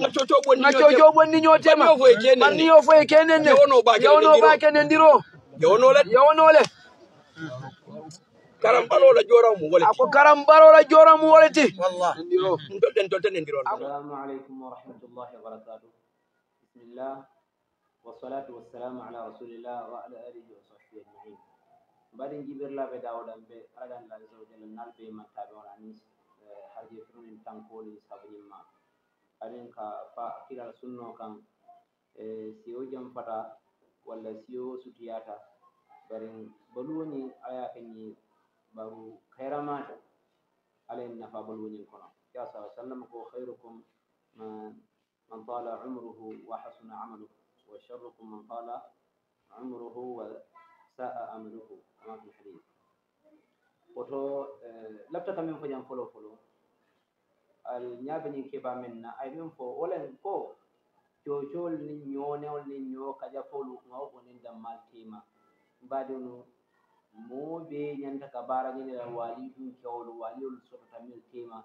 nacoco bonni ñootema banni yo foye kenenne yewono ba kenendiro yewonole karambalola joramu wole ako karambalola joramu woleti dolɗen dolten e ndiron assalamu aleykum wa rahmatullahi wa barakatuh bismillah wassalatu wassalamu ala rasulillah wa ala alihi wa sahbihi ajmain mbaɗen jibirlaɓe dawoɗan ɓe aɗan lahi sow jalla nalɓe mattaɓe wona ni harje firnin tankoli sabu ñimma aɗen ka fa kiral sunno kan e siyo jam fata walla siyo sutiyata barin balwoni aya kanyi baru khairamata alayen nafa balwonin kono ya sa sallam ko khairukum man tala umruhu wa hasuna amaluhu wa sharrukum man tala umruhu wa sa'a amaluhu kama fil hadith woto labtata min fo jam folo folo al ñaabinin keba men na ay min fo wolen fo cocool ni ñoonewol ni ñoo kaƴa folu ŋaw onen dammal tima mbaadinu moo ɓe ñanta ka baarañinela waali ɗum kewol waaliol sotota min tima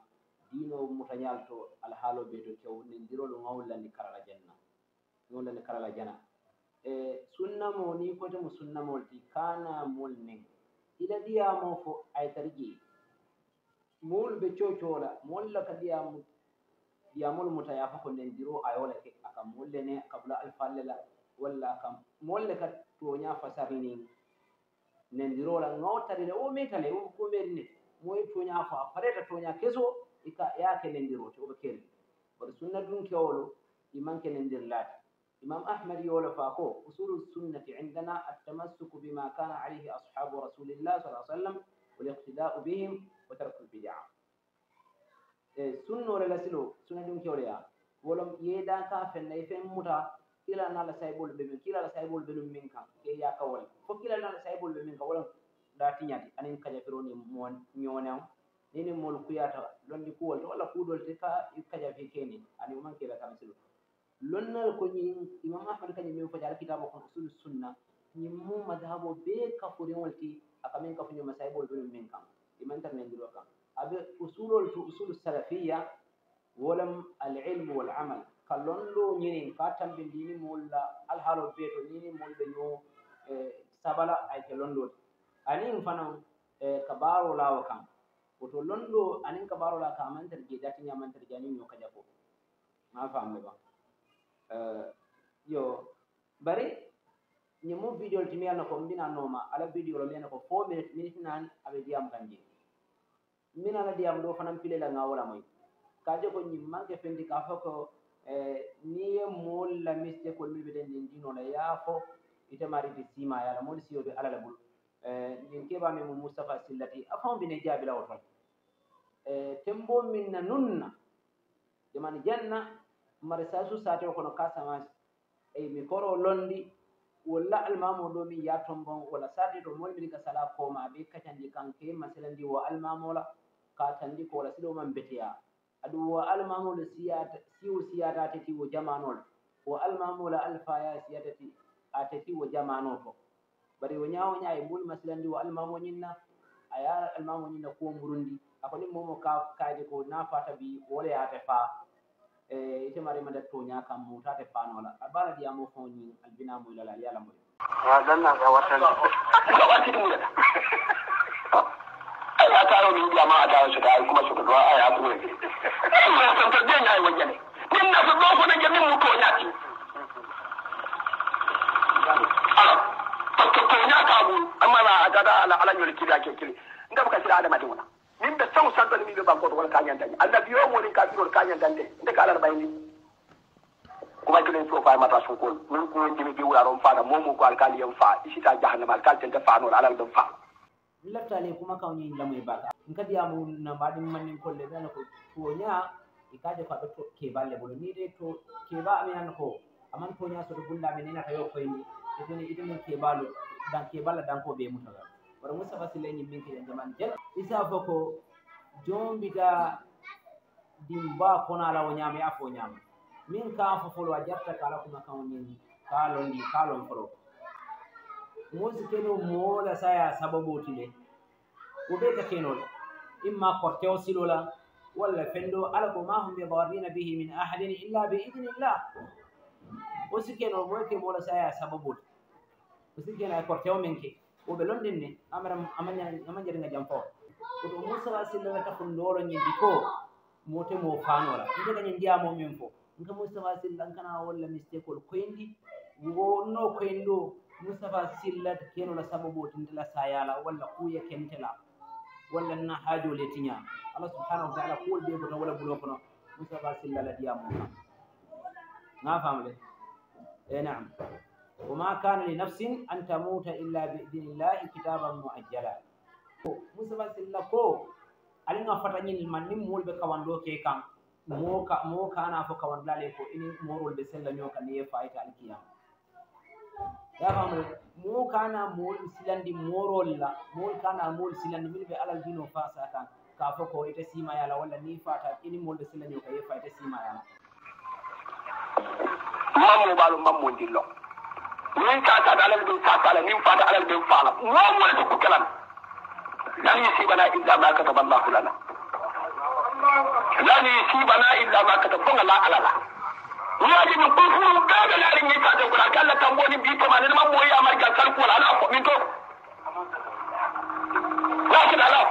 diino mutañal to alhaalo ɓe to kew ne ndirol ŋawllandi karala janna ŋawllandi karala jana e sunnamo ni kote mo sunnamol ti kaanamol nen ila ndiyamo fo aytarji moolu be coocoo la moolu la ka diyaamu diyaamolu muta yaafa ko nendiroo ayoo la ke a ka moolu le ne kabula alfalle la walla a ka moolu le ka tooñaa fasari niŋ nendiroo la ŋa wo tari le wo meeta le wo ko meeri ne moo ye tooñaa fo a fareta tooñaa kesoo i ka ye a ke nendiroo te wo be keeri bari sunna dun kewolu i maŋ ke nendirlaati imam ahmad yolo faako usulu sunnati indana altamassuku bima kana alayhi ashabu rasulillah sa sallam والاقتداء بهم o tarkul bidia e sunnore la silo sunna ɗum kewɗeya wolom yeedaka fennayi fen muta kilanala sayɓol ɓe min kilala sayɓol ɓe ɗum min kam e keyakawol fo kilanala sayɓol ɓe min kam wolom da tiñati anin kajafironi mo ñoonen nini mol kuyata lonndi kuwol to walla kuuɗolte ka kajafi keni ani oman kila kam silo lonnal ko ñin imam ahmad kañum min fojar kitabo kon usulu sunna ñin mo madhabo ɓe kafurewolti aka min kafuñoma sayɓol ɓe ɗum min kam يمندر من الواقع هذا أصول الأصول السلفية ولم العلم والعمل كلون لو نيني كاتم بنديني مولا الحال بيتو نيني مول بنيو إيه، سبلا أي كلون لو أني فنا إيه، كبارو لا وكام وتولون لو أني كبارو لا كمان ترجع جاتني كمان ترجع نيني نيو جابو ما فهمت بقى إيه، يو بري ñiŋ mu video le ti miŋ ye nako mbina nooma ala video lo miŋ ye nako fo minute minute naani a be diyaamu kaŋ jee mbina la diyaamu doo fanaŋ pile la ŋaa wo la moyi ka je ko ñiŋ maŋ ke fendi ka fo ko e, niŋ ye moolu la misite kolu minnu bete ndiŋ diinoo la ye a fo ite maariti siimaaya la moolu siyoo be ala le bulu e, ñiŋ keebaa miŋ mu mustapha sillati a faŋo bi ne jaabi la wo toŋ e, temboo miŋ na nuŋ na jamani janna marisaasu saatio kono kaa samaasi ey mi koroo londi walla almamo domin ya tombon wala sarɗi ɗo min ka sala ma be kacandi di wa almamu almamola ka di ko wala sido man beteya adu wa almamu la siyata wa wo jamanol alfa ya alfaya ti a tati wo jamano ko bari wo ñawoña e di wa almamu almamoñinna a almamu almamoñinna ko murundi akoni momo ka kaje ko na fata bi wala yahate fa? ite mari mada to nya kam muta te pano la abara dia mo ko nyi albina mo la ya la mo wa dan na ga watan ga wati mu la ai ya taro ni dia ma da su da kuma su da ai ya kuma ni ma san ta den ai wajene din na so ko na jamin mu to nya ti to to nya ka bu amma na agada ala ala nyori kida ke kiri ndabaka sira adama diwana min ɓe sew santani min ɓe bankoto wona kañantañi annabi yo woni kafirol de nde ka alal ɓayni kuma kelen so fa mata sunkol min ko jimi bi wuraron fana momu ko alkali yan fa ta jahannama ta fa fanol alal ɗum fa laftale kuma kawñin lamoye baka n kadiyamu na mbaɗin mannin kolle ɓeana ko toña e kaade ko ba keballe bolo ni de to ba mi an ko aman toña soto gullamin nenata yo n'i e toni itomin kebalo dan dan ko be mutagal wara moustapha sille yimmin kiɗe ndemani jel isa fo ko jombita ɗin mba konala o ñama yaa fo ñama min kan fofolo a jarta kala kuma kan min kalondi kalon folo mosi keno moola saya sababotile ko ɓeyta kenol imma kortewo silola walla fendo ala ko ma humbe bawardina bihi min ahadin illa bi idinillah osi kenol moyke moola saya sababot osi kenoa kortewo min ke oɓe londin ni amara amañeringa jam fo koto moussala sillama tafon ndoolo ñiddi ko motemo faanora ndegañe ndiyamo min fo nka moustapha silla nkana walla mistekol koyndi wonno koyndo moustapha silla kenola sababu o tintela sayala walla kuuya kentela walla na haajo letiña allah subhanahu wa taala kuwol ɓeekono walla bulo kono moustapha silla ladiyamo ka ga famle e eh, nam woma kana li nafsin an tamuta illa bi idinillahi kitaban muajjala musaba silla ko alinga fatañin manni muwolɓe kawanɗo ke kan moka mo kana fo kawanɗale ko ini morolɓe sellañoka ne ye fayita alkiyam yafamo mo kana mowol silandi morolla mowol kana mowol silandi min ɓe alal dino fasa kan ka fo ko ita simayala walla ni fata ini molɓe sellañoka ye fayita simayala mammu ɓaalo mammu dillo min ka ta da alal bin ta la min fata alal bin fala mo mo da ku kalam lan yusibana illa ma kataba Allah lana lan yusibana illa ma kataba Allah alala waji min kun furu da da larin ni ta da kula kalla tamboni bi to manin man boye amar ga sarku wala ala ko min to lakin ala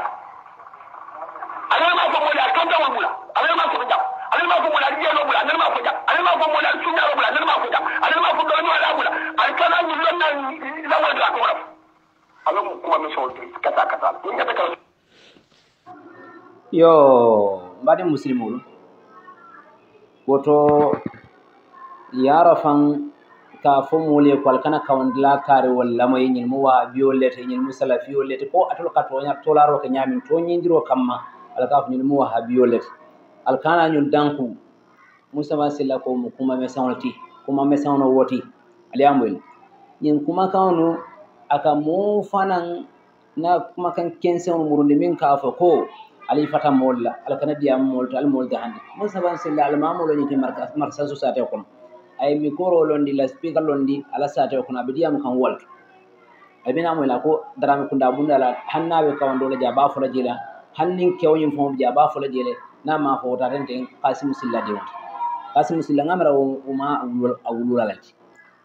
ala ma ko mo da kan da wala ala ma ko da alima ko mula diya lobula alima ko ja alima ko mula sunna lobula alima ko ja alima ko do nyala bula alkana ni lonna la wala ko rafu alamu kuma mi sɔn kasa kasa la n yɛrɛ kan. yo n baden musilimolu woto yaro fan ka fo moolu ye ko ali kana kawandila kaari wol lamoye ñilmu waabiyol lete ñilmu salafiyo lete ko atol ka toña tolaro ke ñaamin to ñindiro kamma ala ka fo ñilmu wahabiyol lete alkanañol dankum moussa ma silla ko mo kuma me sawno ti kuma me sawno woti aliyamoyl ñin kuma kawno aka mo fanan na kuma kan ken sewno murundi min kaafo ko alay fata mool la alakana diya mool to almool de hannde moussa ma silla almamoolo ñiti marsansu sate kono ay micoro londi la spiga londi ala sate kono aɓe diyamo kan wolto abinamoyla ko darami kunda bundala hannaɓe kawandola ja baafola jiila hannin kewñin fomoɓe ja baafola jiile nama fotatenten kasimu silla de wote kasimu silla gamara oma a wululalati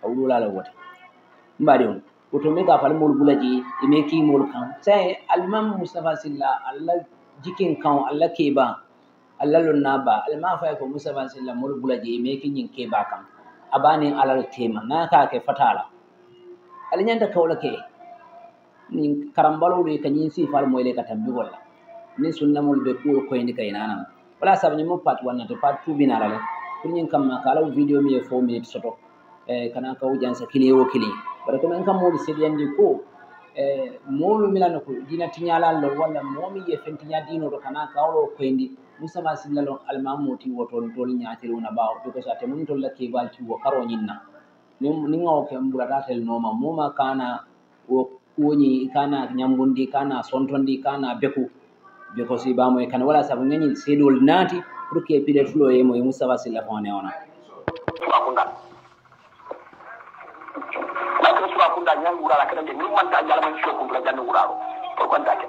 a wululala wote mbaɗi on oto mi ga falimol gulaji eme kimol kan sa alman moustapha silla allah jikin kan allah keba allah lonna ba alma fay ko moustapha silla mol gulaji eme kiñin keba kan abanin alal tema nakake fatala ala ñanta kawla ke ni karambalolu kañin sifalmoyle ka tambigolla nin sunna mul be ko koyndi kay nanam wala sab ni mo pat to pat tuubinara le pour ñin kamma ka alaw video mi e fo minute soto e kana ka kaw jansa kili e wo kili bare comme men kam mo moolu andi ko e mo moolu milano ko dina tiñalal lon walla momi ye fen dino dinoɗo kana ka ko kawlo koyndi musama silla lon almamoti wo toon tol ñatiruna ɓawo because ate mum bal ci wo karo na ni ni o ke no ma mo ma kana wo kuwoñi kana nyambundi kana sontondi kana beku joko sibamo e kan wala sabu ngani sedol naati pour que pile fulo e mo e mustafa silla fone ona akunda la ko sura kunda nyangu rala kada je nim manta jala man shoku bla jannu wuraro to kanta ke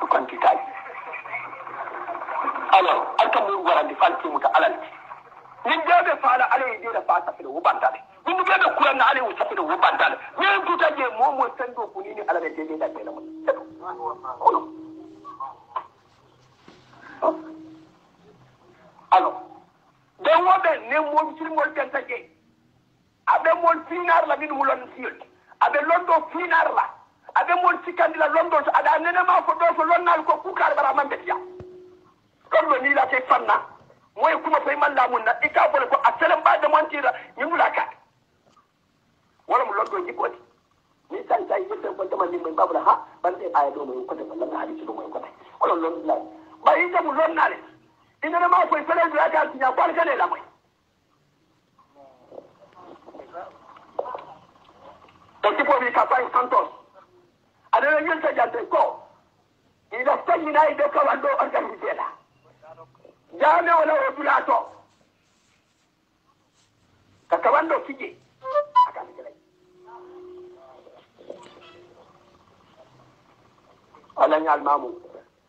ko kanti tay alors alka mu wara di falti muta alal min jabe fala alai de da fata fil wubanta de min jabe kuran na alai wuta fil wubanta de min tuta je momo mo sando kunini alal de de da ke na mun alo ɓen woɓe nen wontirgol ɓen taƴe aɓe mon finarla min wulon siyolti aɓe londo finarla aɓe mon sikkandila londo so aɗa nenema ko ɗo so lonnali ko kukare ɓara man ɓetiya ɗon ɗo nilate fanna moye kuma fay man lamun na ikka fole ko a selen mba demantira min wula kade wala mo londo jibboti ni tan tawi yetten kon dema ndimɓe mbabla ha ɓanɗe aya ɗo moyen kote walla na haalisi ɗo moyen kote kono londulani ba inda mu lon nale ina na ma ko fere dura ka tinya kwal kale la mai to ki po bi ka fai santos ada na yin ta jante ko ida tanyi na ida ka wando an ga mutela jame wala wodula to ka ka wando kije aka mutela alanya almamu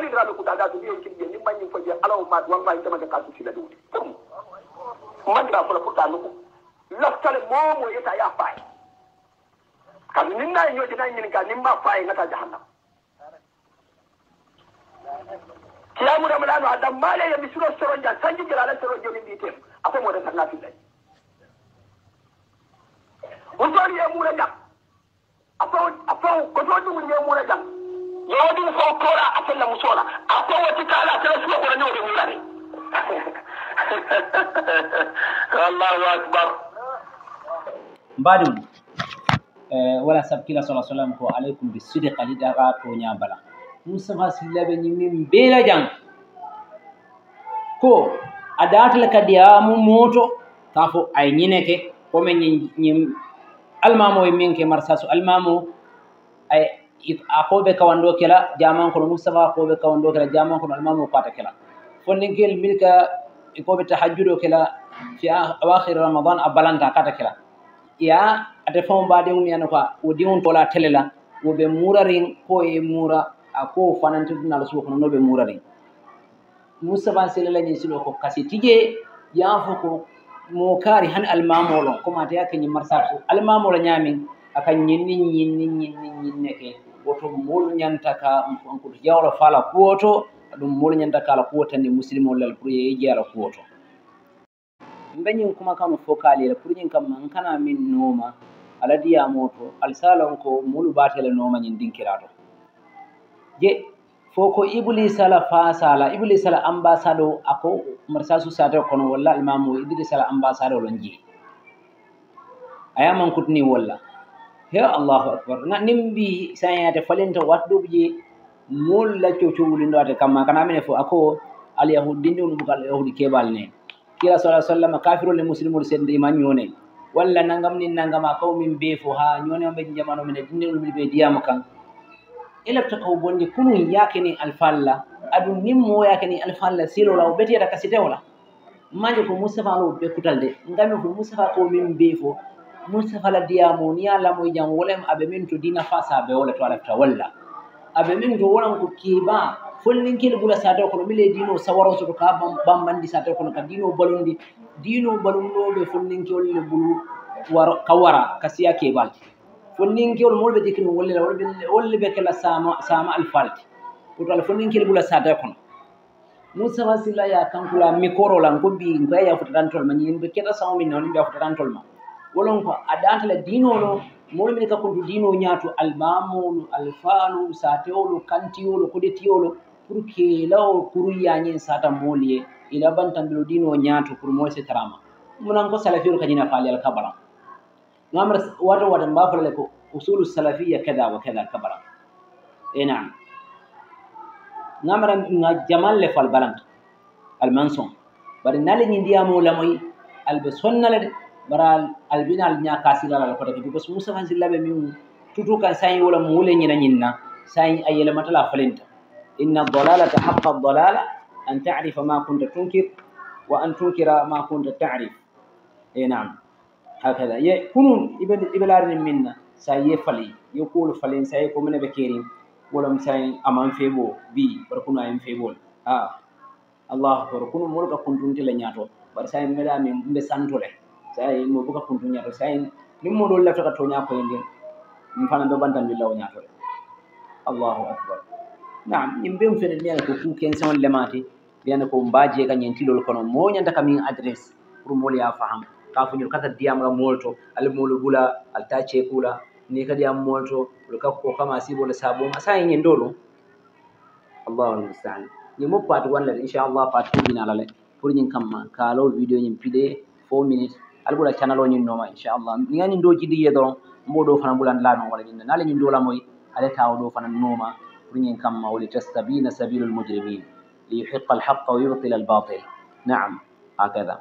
hali dra be kuta da to biye kibbe ni manyi fa je alaw ma wa ma itama ka su sila dudi kum man da fara kuta nuku laftale momo yata ya fai kan nin na yo dinan nin ka nin ma fai na ta jahannam kiyamu da mulano adam male ya misro soronja sanji jirala soronjo min ditem akwai mo da sanna filai Usori ya mura jam. Apo apo ko to dum ya mura jam. modin fo tora atella musola ako wati kala tala suwa ko nyo de mulare Allahu akbar badum wala sabkila sallallahu alaihi wasallam ko alaikum bisidiq ali daga to nya bala musa fasilla be nyimin bela jang ko adatala kadiyamu moto kafo ay ñineke komin ñin almamo e min ke marsasu almamo ay a koɓe kawanɗo kela jamankono moustapha koɓe kawanɗo kela jamankono almamo pata kela fondinkel min ka koɓe e ta hajjuɗo kela fi awahir ramadan a balanta kata kela ya ate fam mbaɗimum yano ka wo diwon tola tele la woɓe murarin ko e mura a ko fanantiɗunala sukono noɓe murarin moustapha selalañi siɗo ko kasi tije yan fo ko mo kaari han almamolon comme ateya keñi marsa almamola ñamin akan ñinni ñinni ñinni ñinne ke woto mulñanta ka onkoto jawla faala kuwoto ɗum mulñanta ka ala kuwo tanni musilme olal pour yeeji ala kuwoto mbañin kuma kano fokalila pour ñin kam man kana min nooma ala diyamo to alsala on ko mulu batele noomañin ndinkirato je fo ko iblise ala fasala iblise ala ambassade o ako marsasu sate kono walla almamu o iblise ala ambassade olon jeyi ayamankutini walla he allahu akbar ga nimbi sañate falinta wadduɓeje mol lacco cowulindoate kamma kana mine fo ako alyahude dindi on ɓukal yahude keɓal ne kila sa sallam kafirole muslimol sedde ima ñone walla nagam ni nagama kawmin be fo ha ñonemaɓe jamano mine dindi on ɓe diyama kan elefta kaw bonde kunu yakeni alfalla adu nimmo yakeni alfalla silola o ɓeteyata kasi tewla maje ko moustapha lo ɓekkutal de gami ko e moustapha ko min be fo mustahala diyamo ni ya lamoye jam wolem aɓe min to dina fa sa be wola to alafta walla aɓe min to wolan ko keba follinkel gula sa taw kono mile dino sawarosoto ka bambandi sa taw kono ka dino balundi dino balunnoɓe follinkeolle gulu ka wara ka siya kebal folninkeol molɓe jekino wollela wolle ɓe kela sama alfalti koto ala folninkel gula sa taw kono moustapha silla ya kankula mikorolan ko mbi ko yeya fotatantol ma ñinɓe keɗa sawmin nawni mbiya fotatantol ma wolon ko a dantala diinolo moolu min ka kuntu no ñaatu almamolu alfalu satewolu kantiyolu kodetiyolu pour que lawo kuru yañen sata moolu ye ila bantandilo dino ñaatu pour moolu se tarama munan ko salafiyolu ka ñina faali al kabara ngamar wato wato mba le ko usulu salafiya kada wa kada kabara e naam ngamara nga jamal le fal balant al manson bari nale ñindiyamo lamoy al sonnale bara albinal ñaka silalal kotaki bicause moussafa sillaɓe min tutu kan sayi wola muwule ñina ñinna sayi a yelematala falinta inna dalalata haqa dalala an tarifa ma kunta tunkir wa an tunkira ma kunta tarif e eh, nam hakada ye kunun iɓe larini minna sayi ye fali ye kuwolu falin sayi ko mine ɓe kerin wolam sayi aman feeɓo bi bara kunu ayen feeɓol a ah. allahu akbar kunu molka kuntuntele ñato bara sayi meɗa min ɓe santole sayin mo buka kuntu ñato sayin ɗum mo ɗol laftata to ñakoye nden ɗum fana ɗo ɓanta millawo ñatore allahu akbar nam min mbe mfeɗe mbiyana ko kukension lemate mbiyana ko mbaje ka ñentilol kono moñanta kamin adresse pour mol ya faham ka foñol kata diyamla molto ala molo bula alta cekula ni kadiyam molto ol kakko kama sibola sabuma sayi ñen ɗo ɗum allahu almustaan ñin mop pati wallade inchallah pati tuminalale pour ñin kamma kalo vidéo ñin piɗe fo minute albula channel nyin no ma inshallah ngani ndo jidi yedoro mbodo fana bulan la no wala nyinna nale nyin dola moy ale taw do fana noma pour nyin kam ma wali tastabina sabilul mujrimin li yuhiqqa al haqq wa yubtila al batil na'am hakadha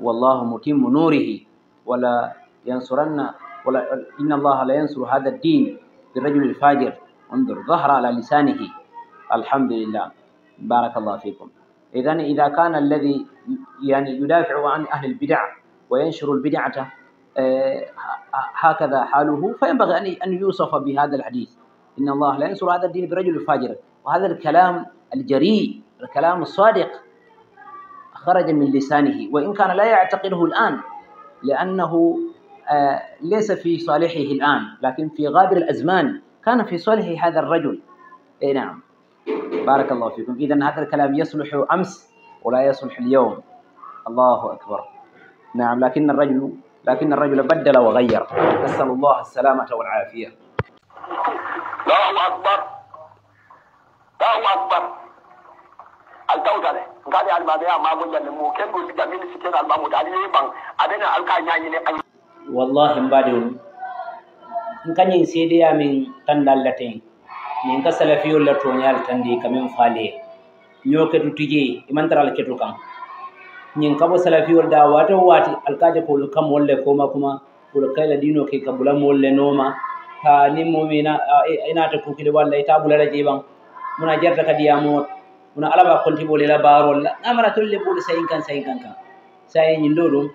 والله متم نوره ولا ينصرن ولا إن الله لا ينصر هذا الدين بالرجل الفاجر انظر ظهر على لسانه الحمد لله بارك الله فيكم إذا إذا كان الذي يعني يدافع عن أهل البدع وينشر البدعة آه، هكذا حاله فينبغي أن يوصف بهذا الحديث إن الله لا ينصر هذا الدين برجل فاجر وهذا الكلام الجريء الكلام الصادق خرج من لسانه وإن كان لا يعتقده الآن لأنه آه، ليس في صالحه الآن لكن في غابر الأزمان كان في صالح هذا الرجل إيه نعم بارك الله فيكم اذا هذا الكلام يصلح امس ولا يصلح اليوم الله اكبر نعم لكن الرجل لكن الرجل بدل وغير نسال الله السلامه والعافيه الله اكبر الله اكبر يعني يعني والله ان بعد ان كان سيدي من تندلتين min ka salafiyol la toñal tandi kamin faale ñooketu tije imantara la ketu kam ñin ka bo salafiyol da waate o waati alkaaja koolu kam wol le kooma kuma wolo kayla diino ke ka bula mool le nooma ha nin mumina inaata kukile walla ita bulala jeeɓan muna jarta kadiyamoo muna alaba kontiɓoole la baarol la namara tolle boole sayin kan sayin kan kan saye ñin ɗo ɗum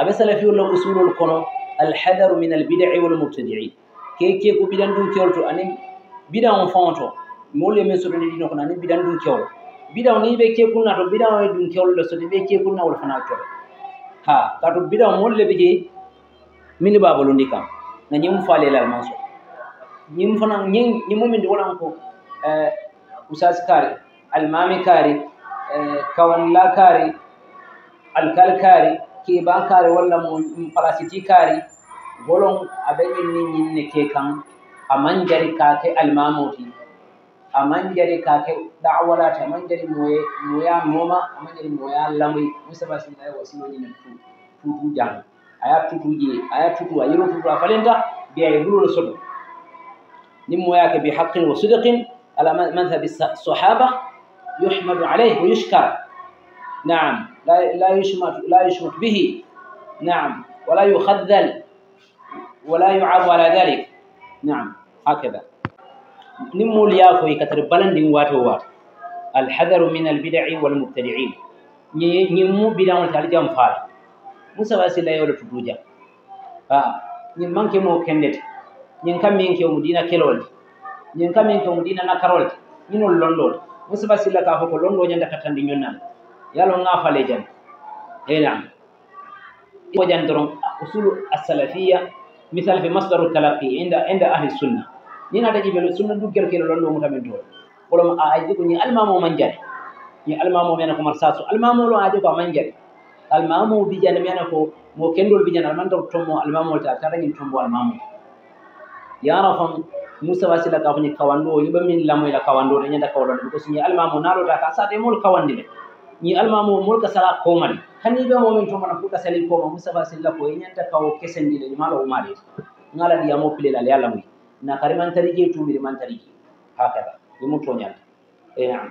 aɓe salafiyol la usulol kono alhadaru min albidaci walmubtadiin ke keku ɓiɗan ɗum kerto anin bidan o fonto molle men soto ndiɗino ko nani bidan ɗum kewlo bidan ni ɓe kekulna to bidan e ɗum kewlo le soto ɓe kekulna wol e e fana coɗo ha kato bidan molle ɓe jeyi mini babalu ndi kam no ñimu fa lelal man so ñim fana ñimumin de wolan ko eh, usas kaari almami kaari eh, kawanla kaari alkal kaari keban kaari walla mo plastiti kaari golon aɓe ƴinni ñinne ke kan aman jari kake almamoti aman jari kake da'walata aman jari moye moya noma aman jari moya lamai musa ba sun ayi wasu wani nan tu tutu jan aya tutu je aya tutu ayiro tutu afalenta bi ay rulu sulu nim moya ke bi haqqin wa sidqin ala madhhab as-sahaba yuhmadu alayhi wa yushkar نعم لا لا يشمت لا يشمت به نعم ولا يخذل ولا يعاب على ذلك نعم hakada nin mul ya koyi katar balan din wato wa al hadaru min al bid'i wal mubtadi'in ni mu bid'a wal talija am fara musa wasila yawla tuduja ha ni manke mo kennet min ke mudina kelol ni kam min ke mudina na karol ni non london musa wasila ka hokko london nyanda katan di nyonnal yalo nga fale jam ila ko jandoro usul as-salafiyya misal fe masdaru talaqi inda inde ahli sunna ni naata ƴiɓel sunna duggerkel lon ɗomuta min toon kolom a aydi ko ñi almamo manjare ñi almamo mena ko mar sasu almamolo aade ko a manjare almamo bijane mena ko mo kendol bijane almandaro tommo almamol taa taragin tombo almamo yara fam moussa wa silla kafo ñi kawanndo o yoɓa min lamoyla kawanndo ɗe ñannda kawalonde ɓi ko so ñi almamo naaloɗa ka sa ɗe mol kawandi ɓe ñi almamo mulka sala komari hanni ɓe momin to mana fuɗɗa sali koma musaba silla ko ñanta kawo kesendile ñumalo umare ngala ɗiyamo pilelal ye allah muy na kari man tarije tumiri man tarije hakada ɗumum toñalta e nam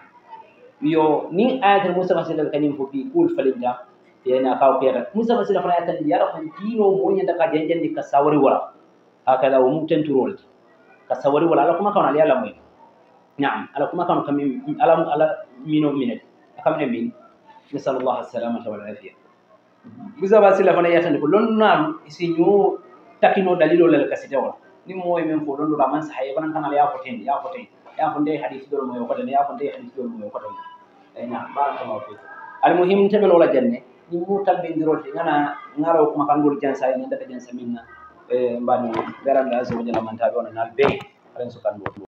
yo ni ayatel musaba silla kañum fo fi kuul falinta yana kawo kiyata musaba silla fana yatandi yara fan tino mo ñanta ka janjandi ka sawari wala hakada wo mum tenturolde ka sawari wala ala kuma kawna ali allah muy nam ala kuma kawna kamim ala ala mino minete xam ne min nasalallah assalamata walafia gusaba sila fana yatande ko isi isiño takino dalilo lal kasite wala ni mowoy men fo lonnduɗa man sahaye fanan ya yafo ten yafo ten yafo nde hadis ɗol moyo koten yafo nde hadis ɗol moyo koten eyna al muhim almuhim teɓel ola janne ni mu tambindirolti ngana ngaro kuma kangol jansa ni ndata jansa minna eh, mbani garande azza wa jalla na nal be aren sukandu